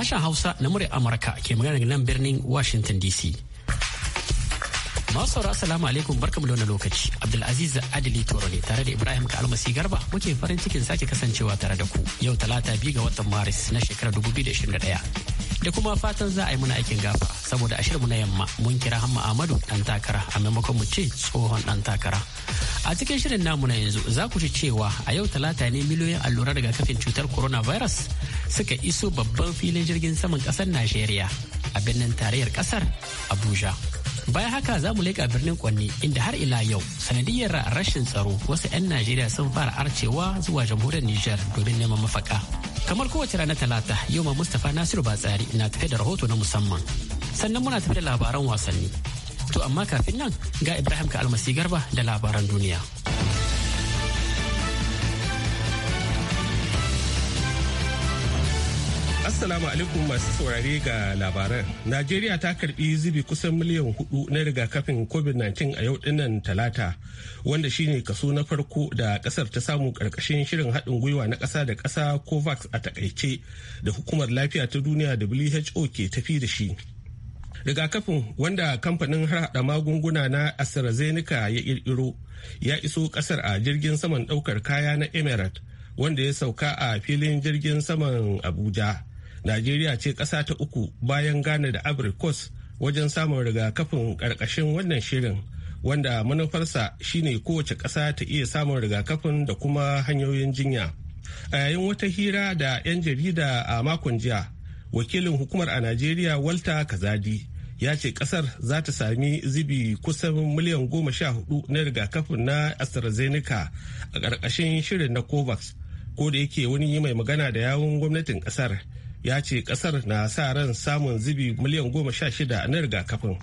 Sashen Hausa na murya Amurka ke magana daga nan birnin Washington DC. Masu saurara salamu alaikum barkamu da wani lokaci. Abdulaziz Adili Toro ne tare da Ibrahim Kalmasi Garba muke farin cikin sake kasancewa tare da ku yau talata biyu ga watan Maris na shekarar 2021. da kuma fatan za a yi muna aikin gafa saboda a shirinmu na yamma mun kira hamma amadu dan takara a maimakon mu ce tsohon dan takara a cikin shirin namu na yanzu za ku ci cewa a yau talata ne miliyoyin allurar kafin cutar coronavirus suka iso babban filin jirgin saman kasar najeriya a birnin tarayyar kasar abuja bayan haka za mu leƙa birnin kwanne inda har ila yau sanadiyar rashin tsaro wasu 'yan najeriya sun fara arcewa zuwa jamhuriyar nijar domin neman mafaka kamar kowace ranar talata yau ma mustapha nasiru batsari na tafe da rahoto na musamman sannan muna tafi da labaran wasanni to amma kafin nan ga ibrahim ka almasi garba da labaran duniya Assalamu alaikum masu saurare ga labaran. Najeriya ta karbi zubi kusan miliyan hudu na rigakafin COVID-19 a yau dinnan talata, wanda shine kaso na farko da kasar ta samu karkashin shirin haɗin gwiwa na ƙasa da ƙasa COVAX a takaice da hukumar lafiya ta duniya WHO ke tafi da shi. rigakafin wanda kamfanin harhaɗa magunguna na AstraZeneca ya ƙirƙiro ya iso ƙasar a jirgin saman ɗaukar kaya na Emirates wanda ya sauka a filin jirgin saman Abuja najeriya ce ƙasa ta uku bayan ghana da coast wajen samun rigakafin ƙarƙashin wannan shirin wanda manufarsa shine kowace ƙasa ta iya samun rigakafin da kuma hanyoyin jinya a yayin wata hira da 'yan jarida a makon jiya wakilin hukumar a najeriya walter kazadi ya ce kasar za ta sami zibi kusan miliyan goma sha hudu na rigakafin na astrazeneca a ƙarƙashin shirin na covax ko da yake wani mai magana da yawun gwamnatin kasar ya ce kasar na sa ran samun zubi miliyan goma sha shida na rigakafin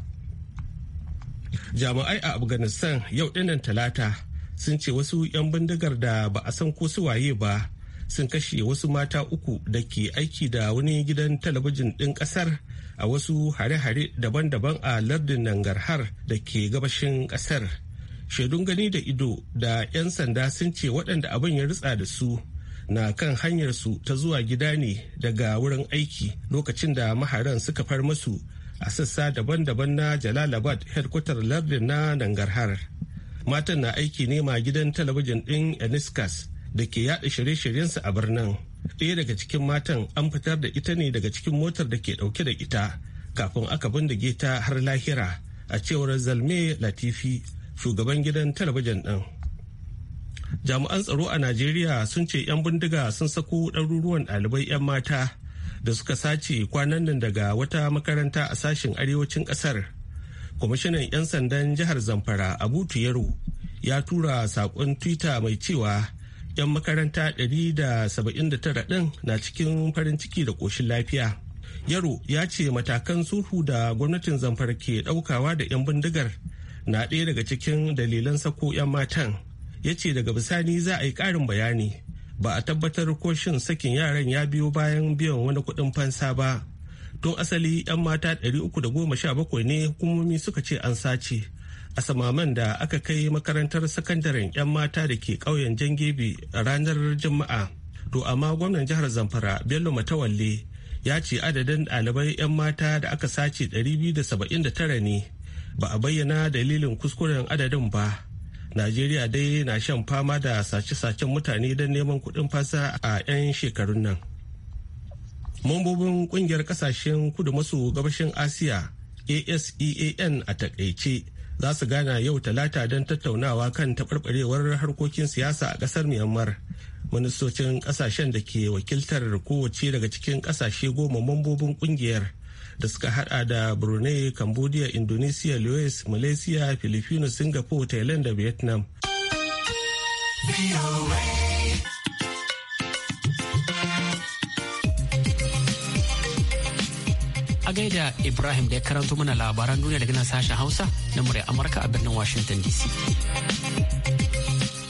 jami'ai a afghanistan yau dinnan talata sun ce wasu 'yan bindigar da ba a san ko su waye ba sun kashe wasu mata uku da ke aiki da wani gidan talabijin ɗin ƙasar a wasu hare-hare daban-daban a lardin nangarhar da ke gabashin ƙasar shaidun gani da ido da 'yan sanda sun ce waɗanda abin ya ritsa da su na kan hanyar su ta zuwa gida ne daga wurin aiki lokacin da maharan suka far masu a sassa daban-daban na jalalabad headquarter lardin na nangarhar matan na aiki ne ma gidan talabijin din eniskas da ke yada shirye shiryen su a birnin ɗaya daga cikin matan an fitar da ita ne daga cikin motar da ke ɗauke da ita kafin aka bindige ta har lahira a cewar zalme latifi shugaban gidan talabijin din. jami'an tsaro a najeriya sun ce 'yan bindiga sun sako ɗaruruwan ɗalibai 'yan mata da suka sace kwanan nan daga wata makaranta a sashen arewacin ƙasar kwamishinan 'yan sandan jihar zamfara abu Yaro, ya tura saƙon twitter mai cewa 'yan makaranta 179 ɗin na cikin farin ciki da ƙoshin lafiya yaro ya ce matakan sulhu da gwamnatin zamfara ke ɗaukawa da 'yan bindigar na ɗaya daga cikin dalilan sako 'yan matan ya ce daga bisani za a yi ƙarin bayani ba a tabbatar ko shin sakin yaran ya biyo bayan biyan wani kuɗin fansa ba tun asali 'yan mata 317 ne hukumomi suka ce an sace a samaman da aka kai makarantar sakandaren 'yan mata da ke ƙauyen jangebe a ranar juma'a to amma gwamnan jihar zamfara bello matawalle ya ce adadin ɗalibai 'yan mata da aka sace 279 ne ba a bayyana dalilin kuskuren adadin ba najeriya dai na shan fama da sace-sacen mutane don neman kuɗin fasa a 'yan shekarun nan mambobin ƙungiyar ƙasashen kudu maso gabashin asiya asean a e takaice za su gana yau talata don tattaunawa kan taɓarɓarewar harkokin siyasa a ƙasar myanmar ministocin ƙasashen da ke wakiltar kowace daga cikin ƙasashe goma mambobin ƙungiyar da suka hada da brunei cambodia indonesia louis malaysia filipino singapore thailand da vietnam a gaida ibrahim da ya karanto mana labaran duniya daga nan sashen hausa na murya amurka a birnin washington dc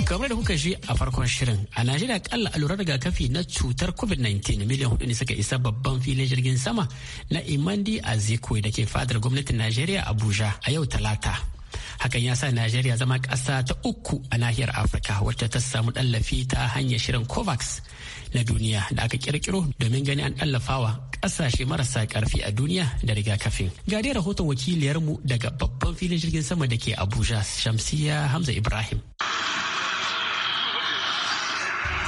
kamar da kuka shi a farkon shirin a najeriya kalla allurar rigakafi na cutar covid-19 miliyan hudu ne suka isa babban filin jirgin sama na imandi a zikwe da ke fadar gwamnatin najeriya abuja a yau talata hakan ya sa najeriya zama ƙasa ta uku a nahiyar afirka wacce ta samu tallafi ta hanyar shirin covax na duniya da aka kirkiro domin gani an tallafawa ƙasashe marasa karfi a duniya da rigakafin ga dai rahoton wakiliyarmu daga babban filin jirgin sama da ke abuja shamsiya hamza ibrahim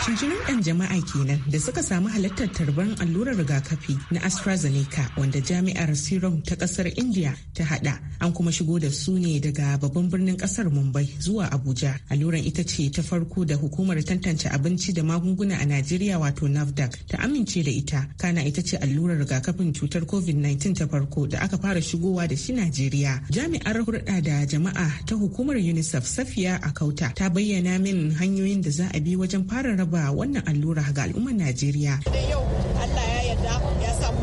Tuntunin yan jama'a kenan da suka samu halartar tarban allurar rigakafi na AstraZeneca wanda jami'ar Serum ta kasar India ta hada an kuma shigo da su ne daga babban birnin kasar Mumbai zuwa Abuja. Alluran ita ce ta farko da hukumar tantance abinci da magunguna a Najeriya wato NAFDAC ta amince da ita. Kana ita ce allurar rigakafin cutar COVID-19 ta farko da aka fara shigowa da shi Najeriya. Jami'ar hulɗa da jama'a ta hukumar UNICEF Safiya Akauta ta bayyana min hanyoyin da za a bi wajen fara raba wannan allura ga al'ummar Najeriya. yau Allah ya yarda ya samu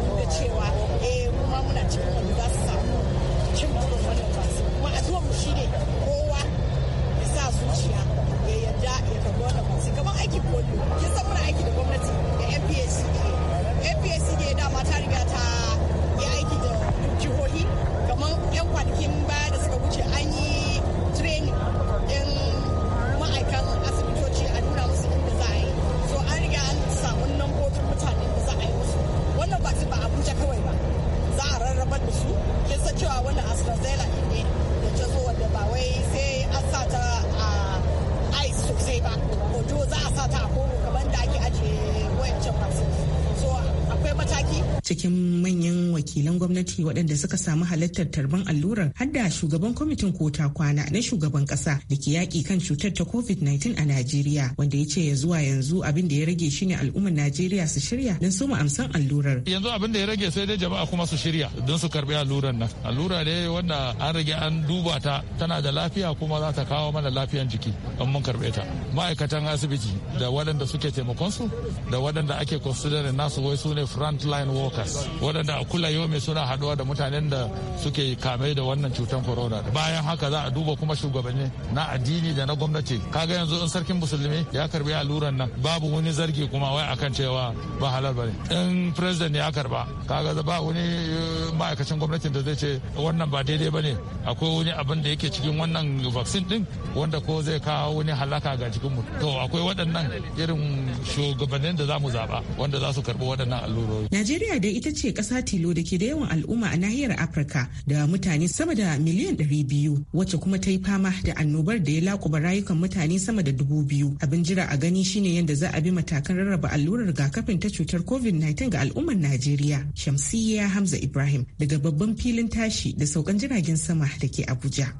cikin manyan wakilan gwamnati waɗanda suka samu halartar tarban allurar har da shugaban kwamitin kota kwana na shugaban ƙasa da ke yaƙi kan cutar ta covid-19 a najeriya wanda ya ce ya zuwa yanzu abin da ya rage shine al'ummar najeriya su shirya don su amsan allurar yanzu abin da ya rage sai dai jama'a kuma su shirya don su karbi allurar nan allura ne wanda an rage an duba ta tana da lafiya kuma za ta kawo mana lafiyan jiki in mun karbe ta ma'aikatan asibiti da waɗanda suke taimakon su da waɗanda ake considering nasu wai su ne front line workers waɗanda a kula kila yau mai suna haduwa da mutanen da suke kame da wannan cutar corona bayan haka za a duba kuma shugabanni na addini da na gwamnati kaga yanzu in sarkin musulmi ya karbi alluran nan babu wani zargi kuma wai akan cewa ba halal bane in president ya karba kaga ba wani eh, ma'aikacin gwamnatin da zai ce wannan ba daidai bane akwai wani abin da yake cikin wannan vaccine din wanda ko zai kawo wani halaka ga cikin mu to akwai waɗannan irin shugabannin da za mu zaba wanda za su karbi waɗannan allurori Najeriya da ita ce ƙasa tilo da ke da yawan al'umma a nahiyar Afirka da mutane sama da miliyan 200 wacce kuma ta yi fama da annobar da ya lakuba rayukan mutane sama da dubu biyu. Abin jira a gani shine yadda za a bi matakan rarraba allurar rigakafin ta cutar COVID-19 ga al'ummar Najeriya. Shamsiyya Hamza Ibrahim daga babban filin tashi da saukan jiragen sama da ke Abuja.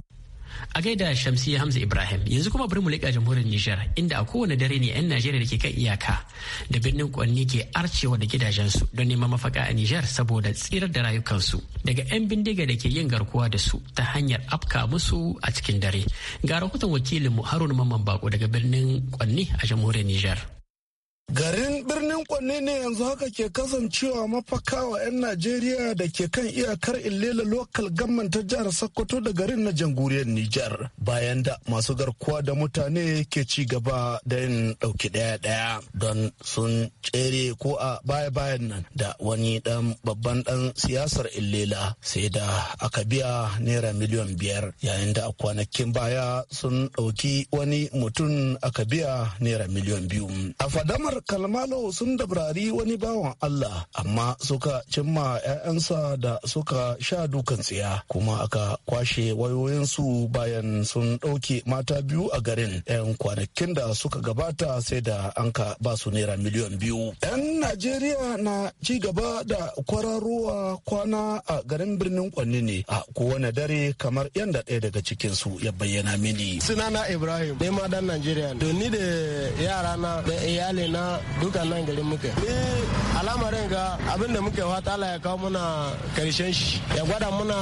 a gaida shamsi hamza ibrahim yanzu kuma bari mu leƙa jamhuriyar nijar inda a kowane dare ne 'yan najeriya da ke kan iyaka da birnin kwanni ke arcewa da gidajensu don neman mafaka a nijar saboda tsirar da rayukansu daga 'yan bindiga da ke yin garkuwa da su ta hanyar afka musu a cikin dare ga rahoton wakilinmu haruna mamman bako daga birnin kwanni a jamhuriyar nijar Garin birnin Kwanne ne yanzu haka ke kasancewa mafaka wa 'yan Najeriya da ke kan iyakar Ilela lokal gamman ta jihar Sokoto da garin na jamhuriyar Nijar bayan da masu garkuwa da mutane ke ci gaba da yin ɗauki ɗaya-ɗaya don sun tsere ko a baya-bayan nan da wani ɗan babban ɗan siyasar Ilela sai da aka biya naira miliyan biyar yayin da kwanakin baya sun ɗauki wani mutum aka biya naira miliyan biyu. A fadamar unguwar kalmalo sun dabrari wani bawan allah amma suka cimma 'ya'yansa da suka sha dukan tsiya kuma aka kwashe wayoyinsu bayan sun ɗauke mata biyu a garin 'yan kwanakin da suka gabata sai da an ka ba su naira miliyan biyu 'yan najeriya na ci gaba da kwararowa kwana a garin birnin kwanni ne a kowane dare kamar yadda ɗaya daga cikinsu ya bayyana mini sunana ibrahim ma dan najeriya ne da yara na da iyali na kuma duka nan garin muka alamarin ga abin da muke fata Allah ya kawo muna karshen shi ya gwada muna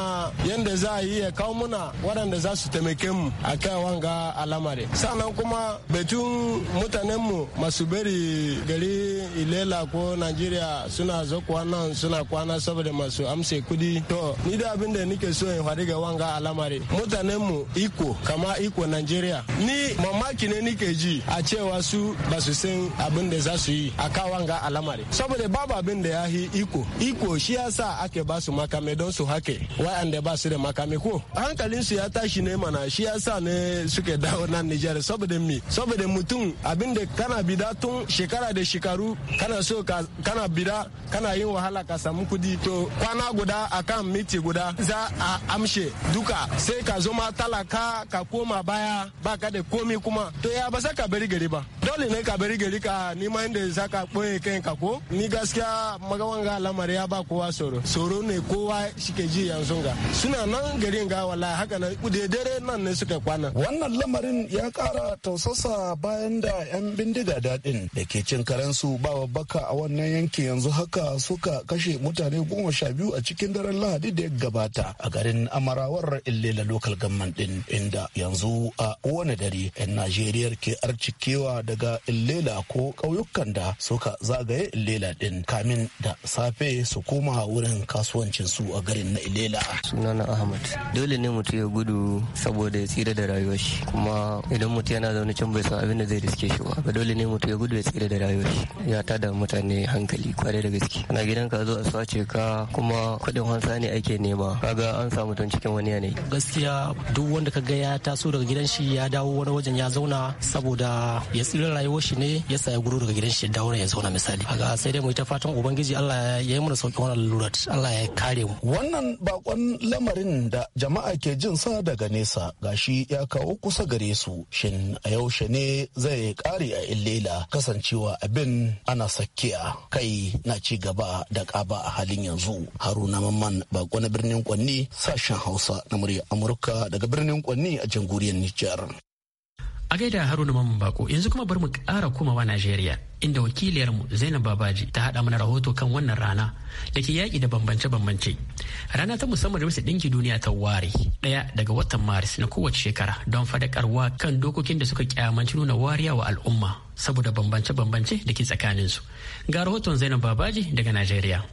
yanda za a yi ya kawo muna waɗanda za su taimake mu a kai wanga alamarin sannan kuma batun mutanen mu masu bari gari ilela ko Najeriya suna zo nan suna kwana saboda masu amse kudi to ni da abin da nike so in faɗi ga wanga alamari mutanen mu iko kama iko Najeriya ni mamaki ne nike ji a cewa su ba su san abin da da za su yi a kawan ga alamari saboda babu abin da ya yi iko iko shi ya sa ake ba su makame don su hake wa'anda ba su da makame ko hankalinsu ya tashi ne mana shi ya sa ne suke dawo nan Nijar saboda mi saboda mutum abin da kana bida tun shekara da shekaru kana so kana bida kana yin wahala ka samu kudi to kwana guda akan miti guda za a amshe duka sai ka zo ma talaka ka koma baya baka da komi kuma to ya ba sa ka bari gari ba dole ne ka bari gari ka ni ma inda zaka ɓoye kai ka ko ni gaskiya magawan ga lamari ya ba kowa soro tsoro ne kowa shike ji yanzu ga suna nan garin ga wala haka na dare nan ne suka kwana wannan lamarin ya kara tausasa bayan da yan bindiga dadin da ke cin karensu ba babbaka a wannan yanki yanzu haka suka kashe mutane goma sha biyu a cikin daren lahadi da ya gabata a garin amarawar illela local gamman din inda yanzu a kowane dare yan najeriya ke arcikewa daga illela ko kauye ƙauyukan da suka zagaye Ilela din kamin da safe su koma wurin kasuwancin su a garin na Ilela. Sunana Ahmad. Dole ne mutum ya gudu saboda ya tsira da rayuwar shi kuma idan mutum yana zaune can bai san abin da zai riske shi ba. Dole ne mutum ya gudu ya tsira da rayuwar shi. Ya tada mutane hankali kware da gaske. Ana gidan ka zo a sace ka kuma kuɗin hansa ne ake nema. Kaga an samu mutum cikin wani yanayi. Gaskiya duk wanda ka ga ya taso daga gidan shi ya dawo wani wajen ya zauna saboda ya tsira rayuwar shi ne ya saya gurur daga gidan shi dawo ya zauna misali kaga sai dai mu ta fatan ubangiji Allah ya yi mana sauki wannan lurat Allah ya kare mu wannan bakon lamarin da jama'a ke jin sa daga nesa gashi ya kawo kusa gare su shin a ne zai kare a illela kasancewa abin ana sakkiya kai na ci gaba da kaba a halin yanzu haruna mamman bako na birnin kwanni sashen hausa na murya amurka daga birnin kwanni a jamhuriyar nijar A gaida Haruna Mamman Bako yanzu kuma bar mu ƙara komawa Najeriya inda wakiliyarmu Zainab Babaji ta haɗa mana rahoto kan wannan rana da ke yaƙi da bambance-bambance. Rana ta musamman da Ɗinki Duniya ta ware ɗaya daga watan Maris na kowace shekara don faɗakarwa kan dokokin da suka kyamanci nuna wariya wa al'umma saboda bambance-bambance da ke tsakaninsu. Ga rahoton Zainab Babaji daga Najeriya.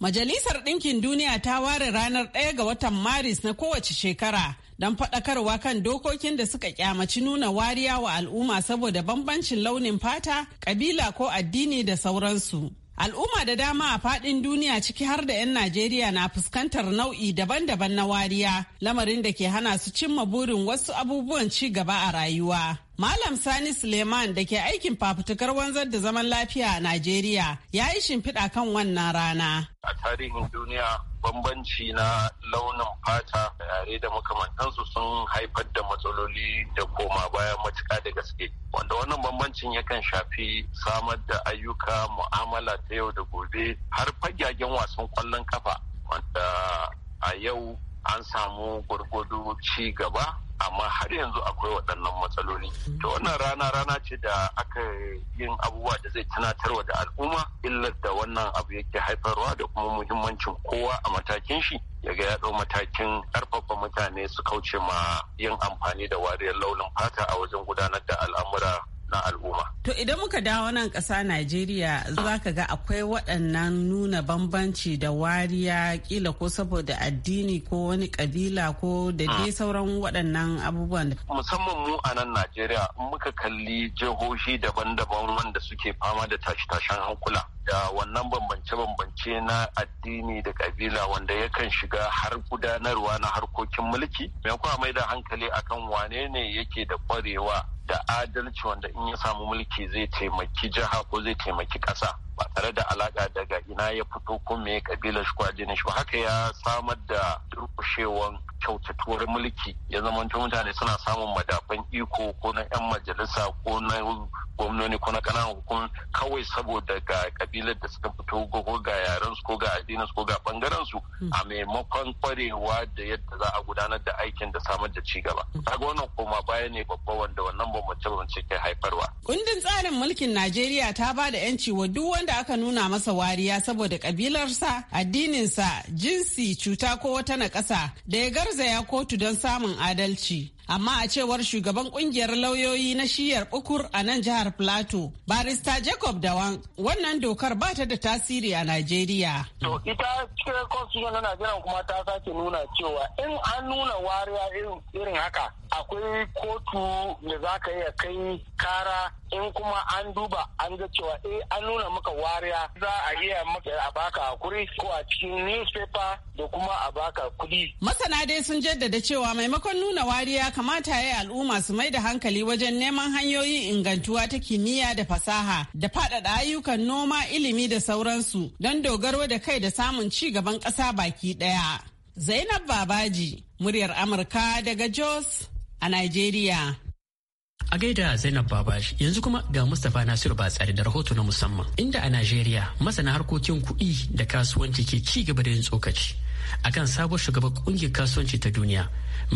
Majalisar Ɗinkin Duniya ta ware ranar ɗaya ga watan Maris na kowace shekara don faɗakarwa kan dokokin da suka kyamaci nuna wariya wa al'umma saboda bambancin launin fata, ƙabila ko addini da sauransu. Al'umma da dama a faɗin duniya ciki har da 'yan Najeriya na fuskantar nau'i daban-daban na wariya, lamarin da ke hana su cimma burin wasu abubuwan ci gaba a rayuwa. Malam Sani Suleiman da ke aikin fafutukar wanzar da zaman lafiya a Najeriya ya yi shimfiɗa kan wannan rana. A tarihin duniya bambanci na launin fata yare da makamantansu sun haifar da matsaloli da koma bayan matuƙa da gaske. Wanda wannan bambancin yakan shafi samar da ayyuka mu'amala ta yau da gobe har fagagen wasan kwallon kafa wanda a yau an samu gwargwado ci gaba amma har yanzu akwai waɗannan matsaloli to wannan rana rana ce da aka yin abubuwa da zai tunatarwa da al'umma illar da wannan abu yake haifarwa da kuma muhimmancin kowa a matakin shi ya ga ya ɗau matakin ƙarfafa mutane su kauce ma yin amfani da wariyar launin fata a wajen gudanar da al'amura na al'umma. To idan muka dawo nan ƙasa Najeriya za ka ga akwai waɗannan nuna bambanci da wariya kila ko saboda addini ko wani ƙabila ko da dai hmm. sauran waɗannan abubuwan. Musamman mu a nan Najeriya muka kalli jihohi daban-daban wanda suke fama da tashi-tashen hankula. da wannan bambance-bambance na addini da kabila wanda yakan shiga har gudanarwa na harkokin mulki maimakon mai da hankali akan wane ne yake da kwarewa da adalci wanda in ya samu mulki zai taimaki jiha ko zai taimaki ƙasa ba tare da alaka daga ina ya fito ko me kabilar shi kwajinin shi haka ya samar da durkushewan kyautatuwar mulki ya zama mutane suna samun madafan iko ko na 'yan majalisa ko na gwamnoni ko na kananan hukumar kawai saboda ga kabilar da suka fito ko ga yaren su ko ga addinin su ko ga bangaren su hmm. a maimakon kwarewa da yadda za a gudanar da aikin da samar da cigaba hmm. kaga wannan koma baya ne babba wanda wannan bambance bambance ke haifarwa kundin tsarin mulkin Najeriya ta ba da yanci wa duk wanda wanda aka nuna masa wariya saboda kabilarsa, addininsa, jinsi, cuta ko wata naƙasa da ya garzaya kotu don samun adalci. Amma a cewar shugaban kungiyar lauyoyi na shiyar ukur a nan jihar Plateau, barista Jacob Dawan, wannan dokar ba ta da tasiri a Najeriya. To ita cikin constitution na Najeriya kuma ta sake nuna cewa in an nuna wariya irin haka akwai kotu da za ka iya kai kara in kuma an duba an ga cewa eh an nuna maka wariya za a iya maka a baka hakuri ko a cikin newspaper da kuma a baka kudi. Masana dai sun jaddada cewa maimakon nuna wariya kamata ya yi al'umma su mai da hankali wajen neman hanyoyin ingantuwa ta kimiyya da fasaha da faɗaɗa ayyukan noma ilimi da sauransu don dogaro da kai da samun ci gaban ƙasa baki ɗaya. Zainab Babaji, muryar Amurka daga Jos a Nigeria. A gaida Zainab Babaji yanzu kuma ga Mustapha Nasiru Batsari da rahoto na musamman inda a Najeriya masana harkokin kuɗi da kasuwanci ke ci gaba da yin tsokaci akan sabon shugaban kungiyar kasuwanci ta duniya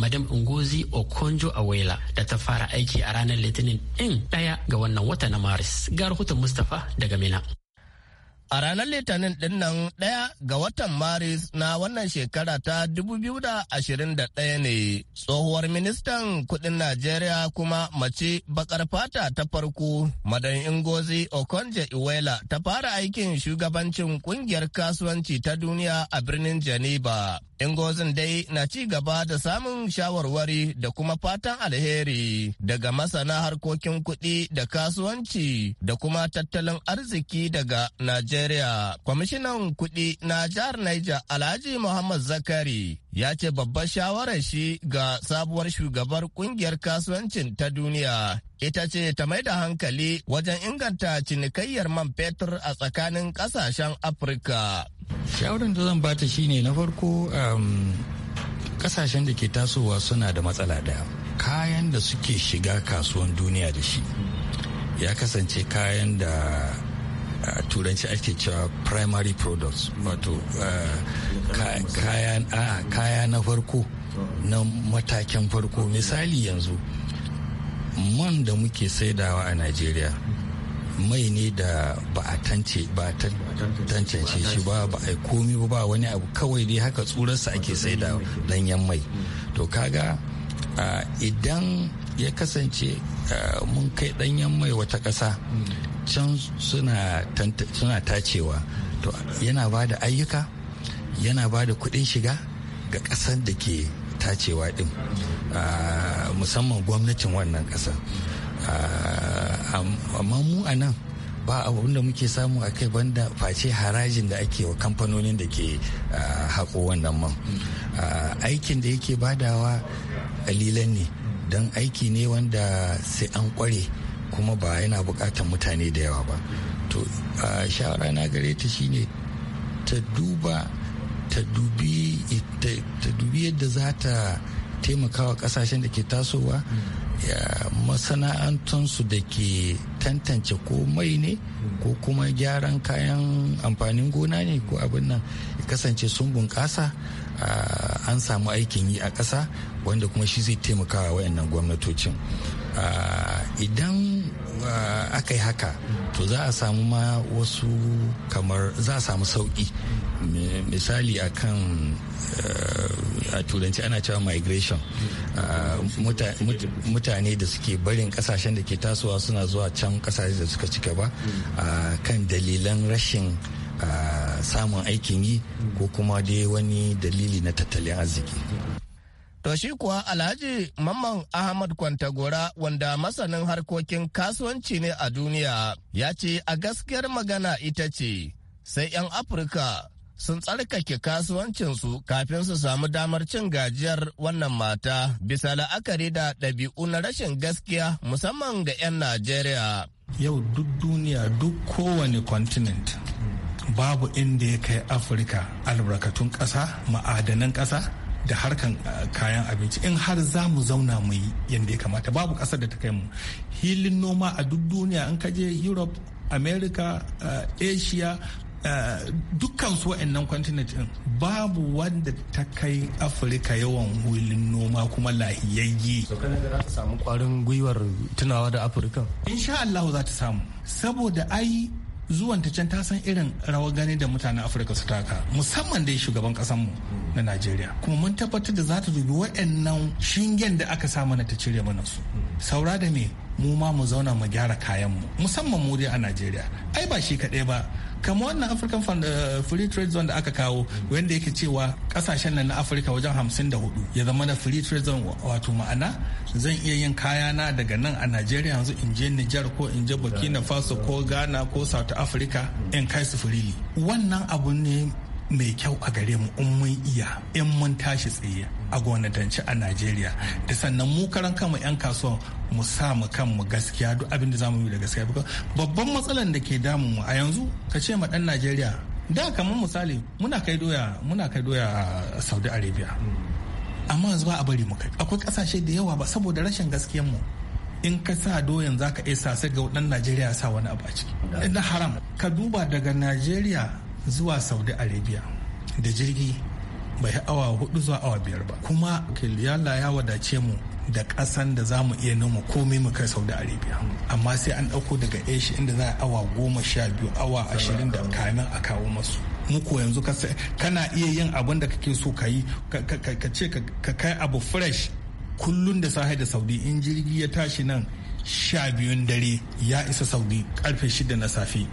madam ngozi okonjo awela da ta fara aiki a ranar litinin ɗin ɗaya ga wannan wata na maris ga rahoton mustapha daga mina A ranar Litinin ɗin nan ɗaya ga watan Maris na wannan shekara ta 2021 ne tsohuwar ministan Kuɗin Najeriya kuma mace bakar fata ta farko madan Ingozi Okonje iwela ta fara aikin shugabancin ƙungiyar kasuwanci ta duniya a birnin Geneva. Ingozin dai na ci gaba da samun shawarwari da kuma fatan alheri daga masana harkokin kuɗi da kasuwanci da kuma tattalin arziki daga Najeriya. Najeriya, kwamishinan kudi na jihar Niger Alhaji Muhammad Zakari ya ce babbar shawarar shi ga sabuwar shugabar kungiyar kasuwancin ta duniya ita ce ta mai da hankali wajen inganta cinikayyar man fetur a tsakanin kasashen Afirka. Shawarar da zan bata shine na farko kasashen um, da ke tasowa suna da matsala da kayan da suke shiga kasuwan duniya da shi ya kasance kayan da a turanci ake cewa primary products wato kaya na farko na matakin farko misali yanzu man da muke saidawa a nigeria mai ne da ba a tance ba ta tantance shi ba ba a komi ba wani abu kawai dai haka tsurarsa ake saida danyen mai to kaga idan ya kasance mun kai danyen mai wata ƙasa can suna tacewa to yana ba da ayyuka yana ba da kuɗin shiga ga kasar da ke tacewa ɗin musamman gwamnatin wannan kasa amma mu a nan ba abun da muke samu a kai banda face harajin da ake wa kamfanonin da ke haƙo wannan man aikin da yake badawa ƙalilan ne don aiki ne wanda sai an ƙware kuma ba yana buƙatar mutane da yawa ba to a shawara na gare ta shine ta duba ta dubi yadda za ta taimakawa kasashen da ke tasowa masana'antunsu da ke tantance ko mai ne ko kuma gyaran kayan amfanin gona ne ko abin nan kasance sun bunƙasa an samu aikin yi a ƙasa wanda kuma shi zai taimakawa wayannan gwamnatocin idan aka yi haka to za a samu ma wasu kamar za a samu sauki misali akan eh, a turanci ana cewa migration mutane da suke barin kasashen da ke tasowa suna zuwa can kasashen da suka ci gaba kan dalilan rashin samun aikin yi ko kuma dai wani dalili na tattalin arziki To shi kuwa Alhaji Mamman Ahmad Kwantagora wanda masanin harkokin kasuwanci ne a duniya ya ce a gaskiyar magana ita ce sai 'yan Afirka sun tsarkake kasuwancinsu kafin su samu damar cin gajiyar wannan mata bisa la'akari da ɗabi'u na rashin gaskiya musamman ga 'yan Najeriya. Yau duk duniya duk kowane continent babu inda ya kai Afirka albarkatun ƙasa ma'adanan ƙasa da harkan uh, kayan abinci in har za mu zauna mu yi yadda ya kamata babu ƙasar da ta kai mu hilin noma a duk duniya in ka je europe america uh, asia uh, dukkan su wa'annan continent din babu wanda ta kai afirka yawan hulin noma kuma lahiyayye. to kana za ta samu kwarin gwiwar tunawa da afirka insha Allah za ta samu saboda ai zuwan ta can ta san irin rawar gani da mutanen afirka su taka musamman dai shugaban kasanmu na najeriya kuma mun tabbatar da za ta dubi waɗannan shingen da aka sa mana ta cire mana su saura da me mu ma mu zauna mu gyara kayan mu musamman mu dai a najeriya ai ba shi kaɗai ba kamar wannan african eh, free trade zone da aka kawo wanda yake cewa kasashen nan na afirka wajen hamsin da hudu ya zama na free trade zone wato ma'ana zan iya yin kayana daga nan a Najeriya yanzu in je niger ko in je burkina faso ko ghana ko south africa in kai su firili wannan abu ne mai kyau a gare mu in mun iya in mun tashi tsaye a gwamnatance a najeriya da sannan mu karan kanmu 'yan kasuwa mu sa mu kanmu gaskiya duk abin da zamu yi da gaskiya babban matsalan da ke damun mu a yanzu ka ce ma dan najeriya da kamar misali muna kai doya muna kai doya a saudi arabia amma yanzu ba a bari mu kai akwai kasashe da yawa ba saboda rashin gaskiyan mu in ka sa doyan za ka isa sai ga dan najeriya sa wani abu a ciki na haram ka duba daga najeriya zuwa saudi arabia da jirgi bai awa hudu zuwa awa biyar ba kuma kiliyala ya wadace mu da kasan da za mu iya noma komai mu kai saudi arabia amma sai an ɗauko daga asia inda za a awa goma sha biyu awa ashirin da kamin a kawo masu muku yanzu kana iya yin abin da kake so ka yi ka ce ka kai abu fresh kullum da sahai da saudi in jirgi ya tashi nan sha biyun dare ya isa saudi karfe shida na safe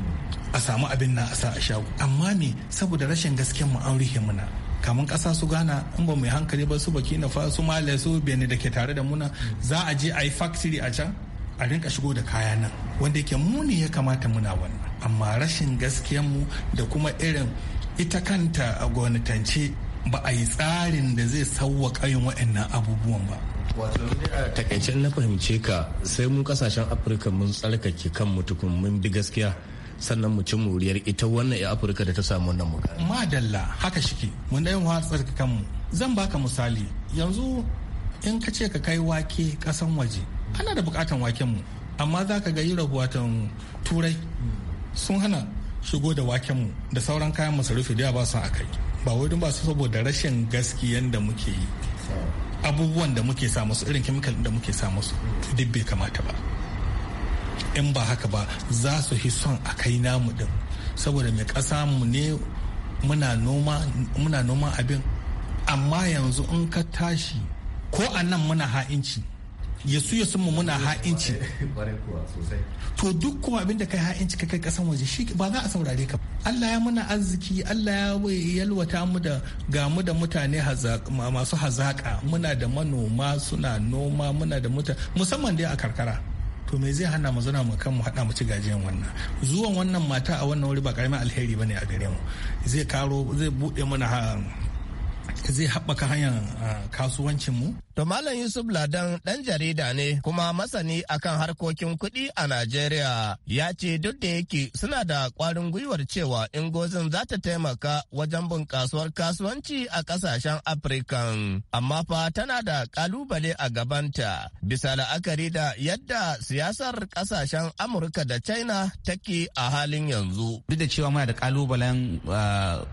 a samu abin na a shago amma me saboda rashin gasken mu an rihe muna kamar ƙasa su gana in ba mu hankali ba su baki na fa su mali su bene da ke tare da muna za a je a yi factory a can a rinka shigo da kaya nan wanda yake muni ya kamata muna wannan amma rashin gaskiyan mu da kuma irin ita kanta a gwamnatance ba a yi tsarin da zai sauwaƙa yin waɗannan abubuwan ba wato a takaicen na fahimce ka sai mun kasashen afirka mun tsarkake kan mutukun mun bi gaskiya sannan mu ci muriyar ita wannan ya afirka da ta samu wannan Ma madalla haka shike mun dai wa kanmu zan baka misali yanzu in ka ce ka kai wake kasan waje ana da bukatan waken mu amma za ka ga yi rahoton turai sun hana shigo da waken mu da sauran kayan masarufi da ba su a kai ba wai ba su saboda rashin gaskiyan da muke yi abubuwan da muke samu su irin kemikal da muke samu su duk bai kamata ba in ba haka ba za su fi son a kai namu din saboda mai ƙasa mu ne muna noma abin amma yanzu in ka tashi ko a nan muna ha'inci yasu yasu mu muna ha'inci to duk kuma abin da kai ha'inci ka kai kasan waje shi ba za a saurare ka Allah ya muna arziki Allah ya yalwata mu da ga da mutane masu hazaka muna da manoma suna noma muna da mutane musamman dai a karkara to me zai hana mu zana mu kan mu hada mu ci gajiyan wannan zuwan wannan mata a wannan wuri ba karamin alheri bane a gare mu zai karo zai bude mana zai haɓaka hanyar kasuwancinmu. To Malam Yusuf Ladan ɗan jarida ne kuma masani akan harkokin kuɗi a Najeriya ya ce duk da yake suna da ƙwarin gwiwar cewa ingozin za ta taimaka wajen bunƙasuwar kasuwanci a ƙasashen afirka Amma fa tana da ƙalubale a gabanta bisa la'akari da yadda siyasar ƙasashen Amurka da China take a halin yanzu. Duk da cewa muna da ƙalubalen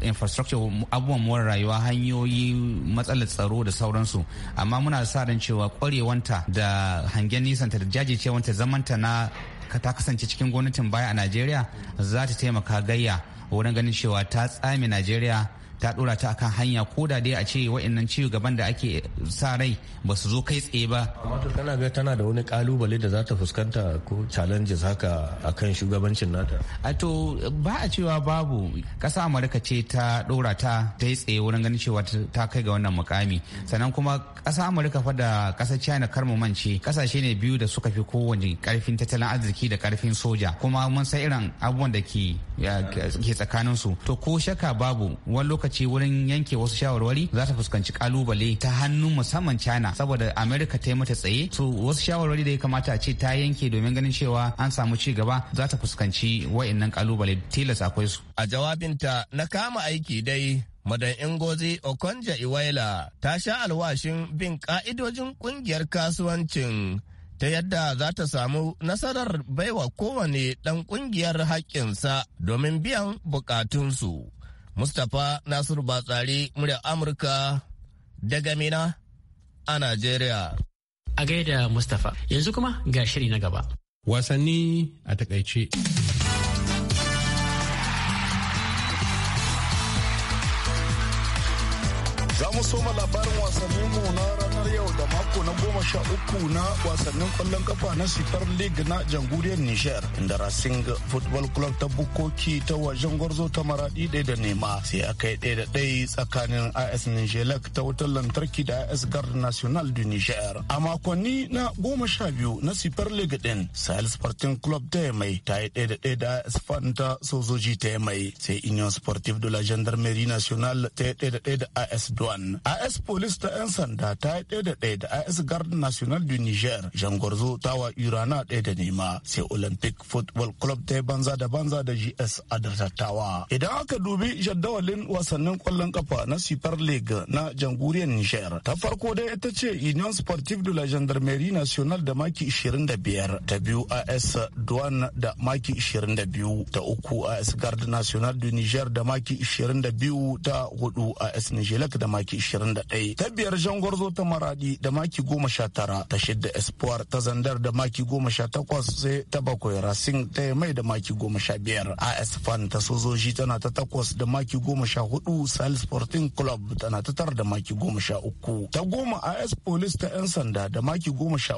infrastructure abubuwan more rayuwa hanyo hanyoyi matsalar tsaro da sauransu amma muna sa ran cewa kwarewanta da hangen ta da jajircewanta zamanta na ta kasance cikin gwamnatin baya a najeriya za ta taimaka gayya wurin ganin cewa ta tsame najeriya ta dora ta akan hanya ko da dai a ce wa'annan ci gaban da ake sa rai ba su zo kai tsaye ba wato kana ga tana da wani kalubale da za ta fuskanta ko challenges haka a kan shugabancin nata a to ba a cewa babu kasa amurka ce ta dora ta ta yi tsaye wurin ganin cewa ta kai ga wannan mukami sannan kuma kasa amurka fa da kasar china kar mu mance kasashe ne biyu da suka fi kowane karfin tattalin arziki da karfin soja kuma mun san irin abubuwan da ke tsakaninsu to ko shaka babu wani lokaci lokaci wurin yanke wasu shawarwari za ta fuskanci kalubale ta hannun musamman china saboda america ta yi mata tsaye to wasu shawarwari da ya kamata a ce ta yanke domin ganin cewa an samu ci gaba za ta fuskanci wa'annan kalubale tilas akwai su a jawabinta na kama aiki dai Madan Ingozi Okonja iwaila ta sha alwashin bin ka'idojin kungiyar kasuwancin ta yadda za ta samu nasarar baiwa kowane dan kungiyar haƙƙinsa domin biyan buƙatunsu. Mustapha Nasiru Batsari muryar Amurka daga Mina a Najeriya. A gaida Mustapha yanzu kuma ga shiri na gaba. Wasanni a takaice. Za mu soma labarin wasannin mu na ranar yau da mako na goma sha uku na wasannin kwallon kafa na Super League na jamhuriyar Nijar. Inda Racing Football Club ta Bukoki ta wajen gwarzo ta maradi ɗaya da nema sai aka yi ɗaya da ɗaya tsakanin AS Nijelak ta wutar lantarki da AS Guard National du Nijar. A makonni na goma sha biyu na Super League ɗin Sahel Sporting Club ta yi mai ta yi ɗaya da ɗaya da AS Fan ta Sojoji ta mai sai Union Sportive de la Gendarmerie Nationale ta yi ɗaya da ɗaya da AS Taiwan. IS Police ta 'yan sanda ta yi ɗaya da ɗaya da IS Guard National du Niger, Gorzo ta wa Irana ɗaya da nema, sai Olympic Football Club ta yi banza da banza da GS a dattawa. Idan aka dubi jadawalin wasannin ƙwallon kafa na Super League na jamhuriyar Niger, ta farko dai ita ce Union Sportive de la Gendarmerie Nationale da maki 25, ta biyu as Douane da maki 22, ta uku as Garde National du Niger da maki 22, ta hudu as Nigelec da maki maki 21 ta biyar jangwarzo ta maradi da maki 19 ta shidda espoir ta zandar da maki 18 sai ta bakwai racing ta mai da maki 15 as fan ta sojoji tana ta takwas da maki 14 sal sporting club tana ta tar da maki 13 ta goma as police ta yan sanda da maki 13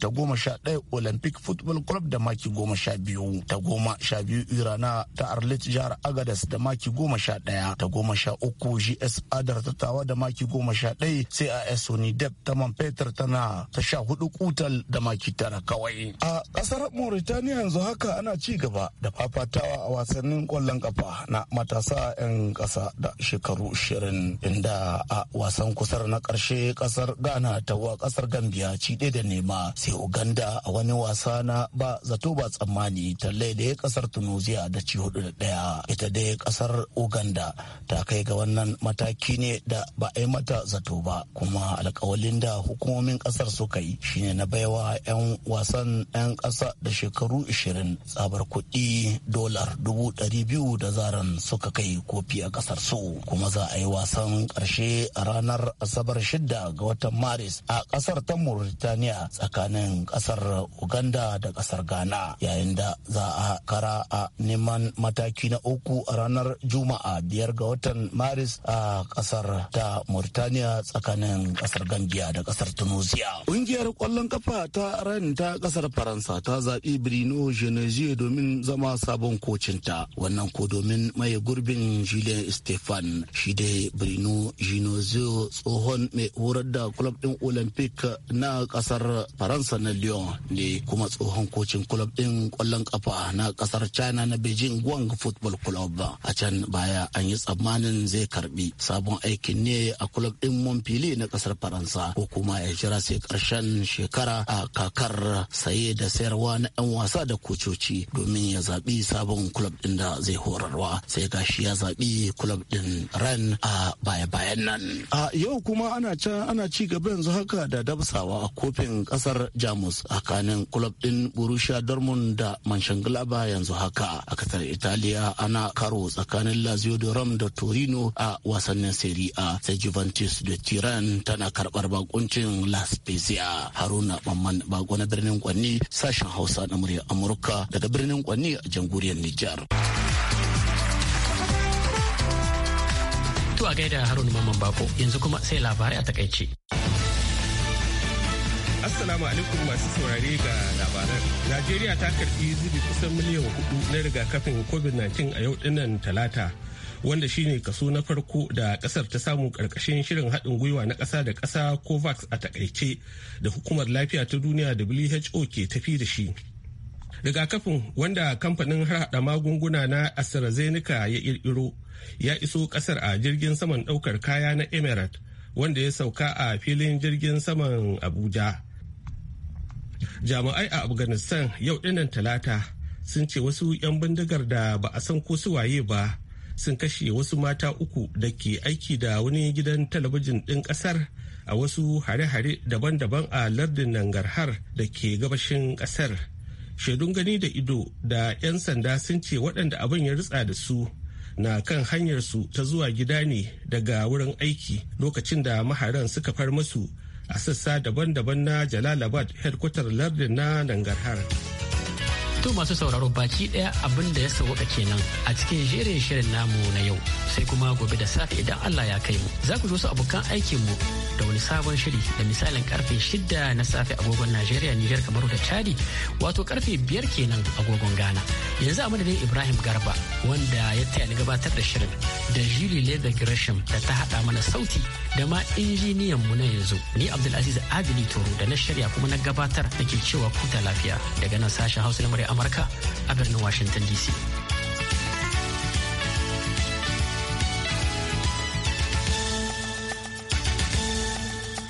ta goma sha ɗaya olympic football club da maki 12 ta goma sha biyu irana ta arlit jihar agadas da maki 11 ta goma sha uku gs adar ta tawa da maki goma sha ɗaya sai a esoni dep ta man fetur tana ta sha hudu kutal da maki tara kawai a ƙasar mauritania yanzu haka ana ci gaba da fafatawa a wasannin ƙwallon kafa na matasa 'yan ƙasa da shekaru 20 inda a wasan kusar na ƙarshe ƙasar ghana ta wa ƙasar gambia ci ɗaya da nema sai uganda a wani wasa na ba zato ba tsammani ta da ya tunisia da ci hudu da ɗaya ita dai ƙasar uganda ta kai ga wannan mataki ne da ba a yi mata zato ba kuma alkawalin da hukumomin kasar suka yi shine na baiwa 'yan wasan 'yan ƙasa da shekaru 20 tsabar kuɗi dolar biyu da zaran suka kai kofi a kasar su kuma za a yi wasan ƙarshe a ranar asabar shidda ga watan maris a kasar ta mauritania tsakanin kasar uganda da kasar ghana yayin da za a kara a neman mataki na uku a ranar juma'a biyar ga watan maris a kasar ta da Mauritania tsakanin kasar Gambia da kasar Tunisia. Kungiyar kwallon kafa ta ran ta kasar Faransa ta zaɓi Brino Genesio domin zama sabon kocin ta Wannan ko domin mai gurbin Julien Stefan shi dai Brino Genesio tsohon mai horar da club din Olympic na kasar Faransa na Lyon ne kuma tsohon kocin club din kwallon kafa na kasar China na Beijing Guang Football Club. A can baya an yi tsammanin zai karbi sabon aikin ne ne a club din Montpellier na kasar Faransa ko kuma ya jira sai karshen shekara a kakar saye da sayarwa na 'yan wasa da kococi domin ya zaɓi sabon kulob din da zai horarwa sai gashi ya zaɓi kulob din Ren a baya-bayan nan. A yau kuma ana can ana ci gaba yanzu haka da dabsawa a kofin kasar Jamus a kanin club din Borussia Dortmund da Manchester yanzu haka a kasar Italiya ana karo tsakanin Lazio da Rom da Torino a wasannin Serie A sai Juventus da Turin tana karbar bakuncin La Spezia. Haruna Mamman Bago na birnin Kwanni sashen Hausa na murya Amurka daga birnin Kwanni a jamhuriyar Nijar. To a gaida Haruna Mamman Bako yanzu kuma sai labarai a takaice. Assalamu alaikum masu saurare ga labaran. Najeriya ta karbi zubi kusan miliyan hudu na rigakafin COVID-19 a yau dinnan talata. wanda shine kaso na farko da kasar ta samu karkashin shirin haɗin gwiwa na ƙasa da ƙasa covax a takaice da hukumar lafiya ta duniya who ke tafi da shi rigakafin wanda kamfanin harhaɗa magunguna na astrazeneca ya ƙirƙiro ya iso ƙasar a jirgin saman ɗaukar kaya na emirate wanda ya sauka a filin jirgin saman abuja jami'ai a afghanistan yau dinan talata sun ce wasu 'yan bindigar da ba a san ko su waye ba sun kashe wasu mata uku da ke aiki da wani gidan talabijin ɗin ƙasar a wasu hare-hare daban-daban a lardin nangarhar da ke gabashin ƙasar shaidun gani da ido da 'yan sanda sun ce waɗanda abin ya ritsa da su na kan hanyarsu ta zuwa gida ne daga wurin aiki lokacin da maharan suka far masu a sassa daban-daban na jalalabad headquarter lardin na nangarhar. To masu sauraro baki ɗaya abin da ya sauka kenan a cikin jerin shirin namu na yau sai kuma gobe da safe idan Allah ya kai mu. Za ku su abokan aikin mu da wani sabon shiri da misalin karfe shida na safe agogon Najeriya Niger Kamaru da Chadi wato karfe biyar kenan agogon Ghana. Yanzu a madadin Ibrahim Garba wanda ya taya ni gabatar da shirin da Julie Leather Gresham da ta hada mana sauti da ma injiniyan mu na yanzu ni Abdulaziz Adili Toro da na shirya kuma na gabatar da ke cewa kuta lafiya daga nan sashen Hausa na amurka a birnin washington dc